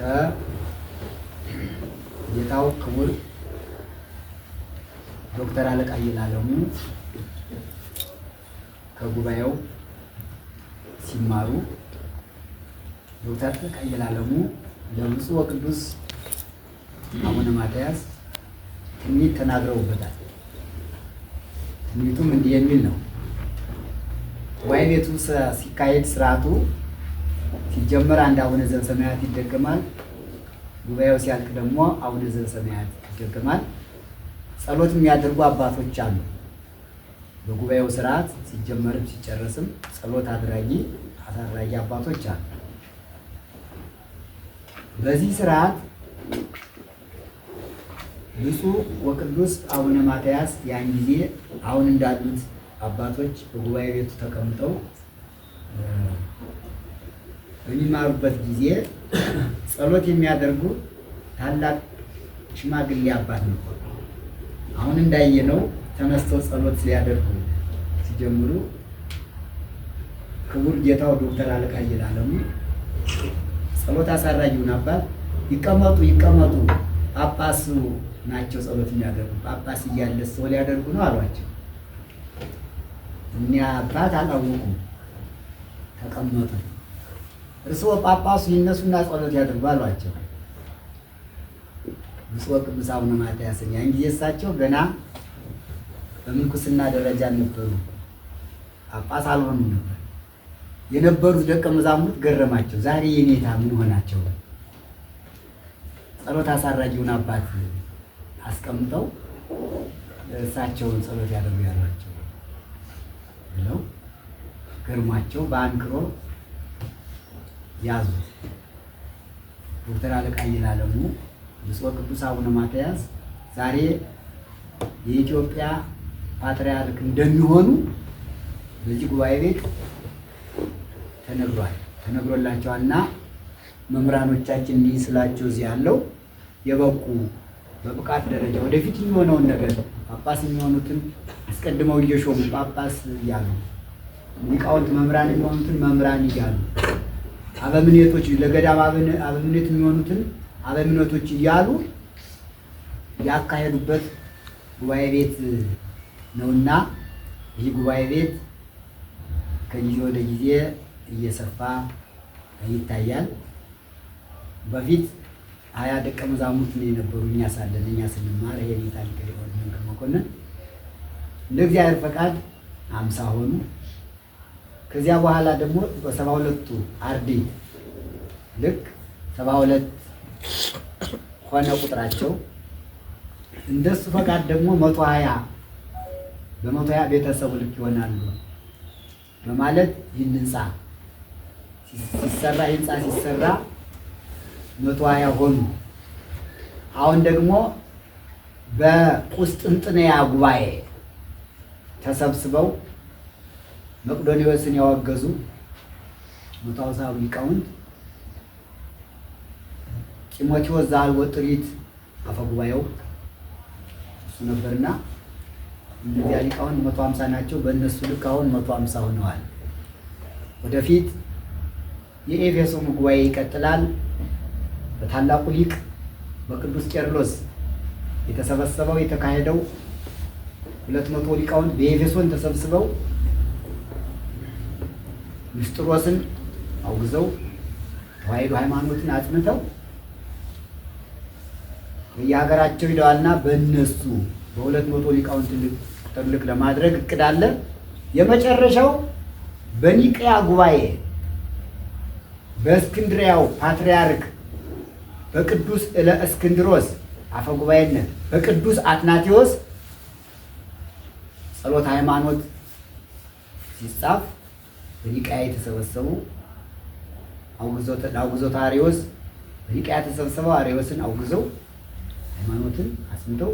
ከጌታው ክቡር ዶክተር አለቃ ይላለሙ ከጉባኤው ሲማሩ ዶክተር አለቃ ይላለሙ ለብፁዕ ወቅዱስ አቡነ ማትያስ ትንቢት ተናግረውበታል። ትንቢቱም እንዲህ የሚል ነው። ጉባኤ ቤቱ ሲካሄድ ስርዓቱ ሲጀመር አንድ አቡነ ዘበሰማያት ይደገማል። ጉባኤው ሲያልቅ ደግሞ አቡነ ዘበሰማያት ይደገማል። ጸሎት የሚያደርጉ አባቶች አሉ። በጉባኤው ስርዓት ሲጀመርም ሲጨረስም ጸሎት አድራጊ አሳድራጊ አባቶች አሉ። በዚህ ስርዓት ብፁዕ ወቅዱስ አቡነ ማትያስ ያን ጊዜ አሁን እንዳሉት አባቶች በጉባኤ ቤቱ ተቀምጠው በሚማሩበት ጊዜ ጸሎት የሚያደርጉ ታላቅ ሽማግሌ አባት ነበሩ። አሁን እንዳየነው ተነስተው ጸሎት ሊያደርጉ ሲጀምሩ ክቡር ጌታው ዶክተር አለቃየል አለሙ ጸሎት አሳራጊውን አባት ይቀመጡ ይቀመጡ፣ ጳጳሱ ናቸው ጸሎት የሚያደርጉ ጳጳስ እያለ ሰው ሊያደርጉ ነው አሏቸው። እኒያ አባት አላወቁም፣ ተቀመጡ እርስዎ ጳጳሱ ይነሱና ጸሎት ያድርጉ አሏቸው። ብፁዕ ቅዱስ አቡነ ማትያስ ያን ጊዜ እሳቸው ገና በምንኩስና ደረጃ ነበሩ። ጳጳስ አልሆኑ ነበር። የነበሩት ደቀ መዛሙርት ገረማቸው። ዛሬ የኔታ ምን ሆናቸው? ጸሎት አሳራጊውን አባት አስቀምጠው እሳቸውን ጸሎት ያደርጉ ያሏቸው ብለው ገርሟቸው በአንክሮ ያዙት። ዶክተር አለቃ ይላለሙ ብፁዕ ቅዱስ አቡነ ማትያስ ዛሬ የኢትዮጵያ ፓትርያርክ እንደሚሆኑ በዚህ ጉባኤ ቤት ተነግሯል ተነግሮላቸዋልና እና መምህራኖቻችን ይህ ስላቸው እዚህ ያለው የበቁ በብቃት ደረጃ ወደፊት የሚሆነውን ነገር ጳጳስ የሚሆኑትን አስቀድመው እየሾሙ ጳጳስ እያሉ ሊቃውንት መምህራን የሚሆኑትን መምህራን እያሉ አበምኔቶች ለገዳም አበምኔት የሚሆኑትን አበምኔቶች እያሉ ያካሄዱበት ጉባኤ ቤት ነውና ይህ ጉባኤ ቤት ከጊዜ ወደ ጊዜ እየሰፋ ይታያል። በፊት ሀያ ደቀ መዛሙርት ነው የነበሩ እኛ ሳለን እኛ ስንማር ይሄ ጌታ ሊቀ መኮንን እንደ እግዚአብሔር ፈቃድ አምሳ ሆኑ። ከዚያ በኋላ ደግሞ በሰባ ሁለቱ አርድእት ልክ ሰባ ሁለት ሆነ ቁጥራቸው። እንደሱ ፈቃድ ደግሞ መቶ ሀያ በመቶ ሀያ ቤተሰቡ ልክ ይሆናሉ በማለት ይህን ህንፃ ሲሰራ ህንፃ ሲሰራ መቶ ሀያ ሆኑ። አሁን ደግሞ በቁስጥንጥንያ ጉባኤ ተሰብስበው መቅዶኒዎስን ያወገዙ መታወሳዊ ሊቃውንት ጢሞቴዎስ ዘአልወጥሪት አፈጉባኤው እሱ ነበርና እነዚያ ሊቃውንት መቶ ሀምሳ ናቸው። በእነሱ ልክ አሁን መቶ ሀምሳ ሆነዋል። ወደፊት የኤፌሶን ጉባኤ ይቀጥላል። በታላቁ ሊቅ በቅዱስ ቄርሎስ የተሰበሰበው የተካሄደው ሁለት መቶ ሊቃውንት በኤፌሶን ተሰብስበው ንስጥሮስን አውግዘው ተዋሕዶ ሃይማኖትን አጽንተው በየሀገራቸው ሂደዋልና በእነሱ በሁለት መቶ ሊቃውንት ትልቅ ለማድረግ እቅድ አለ። የመጨረሻው በኒቅያ ጉባኤ በእስክንድሪያው ፓትርያርክ በቅዱስ እለ እስክንድሮስ አፈ ጉባኤነት በቅዱስ አትናቴዎስ ጸሎት ሃይማኖት ሲጻፍ በኒቃያ የተሰበሰቡ ለአውግዞተ አሪዎስ በኒቃያ የተሰበሰበው አሪዎስን አውግዘው ሃይማኖትን አስምተው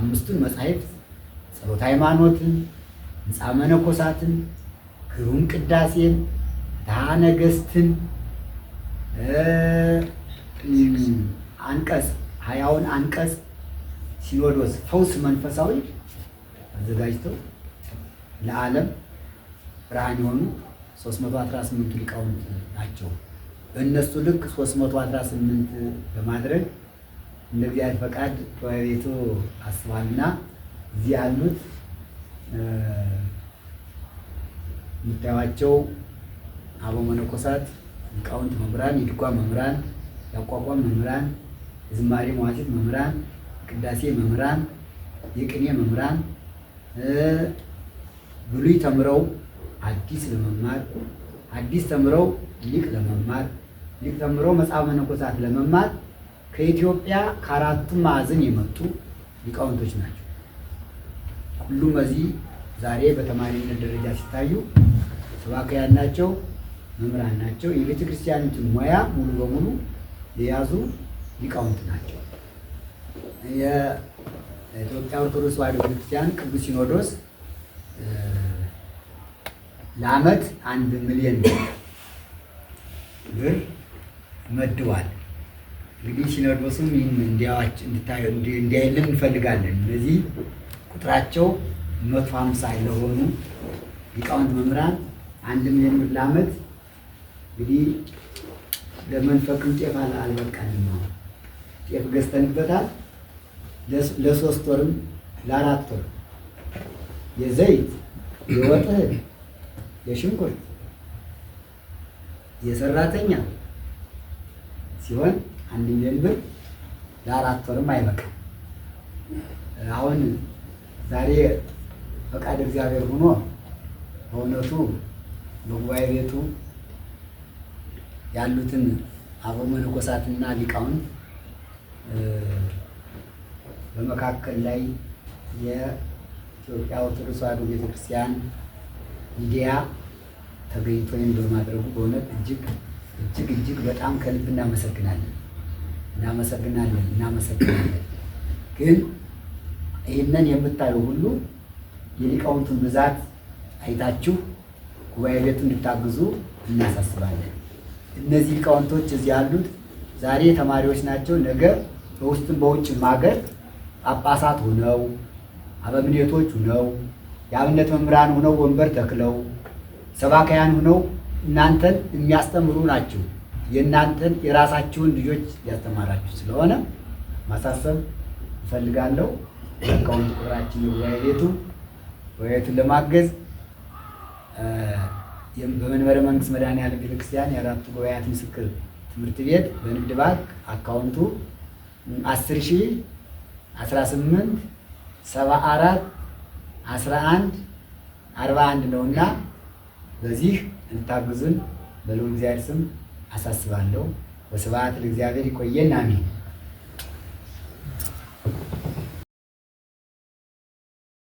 አምስቱን መጻሕፍት ጸሎት ሃይማኖትን፣ ሕንፃ መነኮሳትን፣ ግሩም ቅዳሴን፣ ታ ነገስትን አንቀጽ ሀያውን አንቀጽ ሲኖዶስ ፈውስ መንፈሳዊ አዘጋጅተው ለዓለም ብርሃን የሆኑ 318 ሊቃውንት ናቸው። በእነሱ ልክ 318 በማድረግ እንደ እግዚአብሔር ፈቃድ ቤቱ አስቧልና እዚህ ያሉት የምታዩቸው አቦ መነኮሳት፣ ሊቃውንት መምህራን፣ የድጓ መምህራን፣ የአቋቋም መምህራን፣ የዝማሬ መዋሥዕት መምህራን፣ የቅዳሴ መምህራን፣ የቅኔ መምህራን ብሉይ ተምረው አዲስ ለመማር አዲስ ተምረው ሊቅ ለመማር ሊቅ ተምረው መጽሐፍ መነኮሳት ለመማር ከኢትዮጵያ ከአራቱም ማዕዘን የመጡ ሊቃውንቶች ናቸው። ሁሉም በዚህ ዛሬ በተማሪነት ደረጃ ሲታዩ ሰባክያን ናቸው፣ መምህራን ናቸው። የቤተ ክርስቲያኒቱን ሙያ ሙሉ በሙሉ የያዙ ሊቃውንት ናቸው። የኢትዮጵያ ኦርቶዶክስ ተዋሕዶ ቤተክርስቲያን ቅዱስ ሲኖዶስ ለአመት አንድ ሚሊዮን ብር መድቧል። እንግዲህ ሲኖዶሱም ይህን እንዲያይልን እንፈልጋለን። እነዚህ ቁጥራቸው መቶ ሀምሳ ለሆኑ ሊቃውንት መምህራን አንድ ሚሊዮን ብር ለዓመት እንግዲህ ለመንፈቅም ጤፍ አልበቃንም። ጤፍ ገዝተንበታል። ለሶስት ወርም ለአራት ወር የዘይት የወጥ የሽንኩርት የሰራተኛ ሲሆን አንድ ሚሊዮን ብር ለአራት ወርም አይበቃም። አሁን ዛሬ ፈቃድ እግዚአብሔር ሆኖ በእውነቱ በጉባኤ ቤቱ ያሉትን አበ መነኮሳትና ሊቃውንት በመካከል ላይ የኢትዮጵያ ኦርቶዶክስ ተዋሕዶ ቤተክርስቲያን ሚዲያ ተገኝቶ ወይም በማድረጉ በእውነት እጅግ እጅግ እጅግ በጣም ከልብ እናመሰግናለን እናመሰግናለን እናመሰግናለን። ግን ይህንን የምታየው ሁሉ የሊቃውንቱን ብዛት አይታችሁ ጉባኤ ቤቱ እንድታግዙ እናሳስባለን። እነዚህ ሊቃውንቶች እዚህ ያሉት ዛሬ ተማሪዎች ናቸው። ነገ በውስጥም በውጭም ሀገር ጳጳሳት ሆነው አበምኔቶች ሁነው። የአብነት መምህራን ሆነው ወንበር ተክለው ሰባካያን ሆነው እናንተን የሚያስተምሩ ናቸው። የእናንተን የራሳችሁን ልጆች ያስተማራችሁ ስለሆነ ማሳሰብ እፈልጋለሁ። ቀውን ቁጥራችን የጉባኤ ቤቱ ጉባኤቱን ለማገዝ በመንበረ መንግስት መድኃኔዓለም ቤተክርስቲያን የአራቱ ጉባኤያት ምስክር ትምህርት ቤት በንግድ ባንክ አካውንቱ 10 18 አስራ 11 41 ነውና በዚህ እንድታግዙን በሎ እግዚአብሔር ስም አሳስባለሁ። ወስብሐት ለእግዚአብሔር። ይቆየን። አሜን።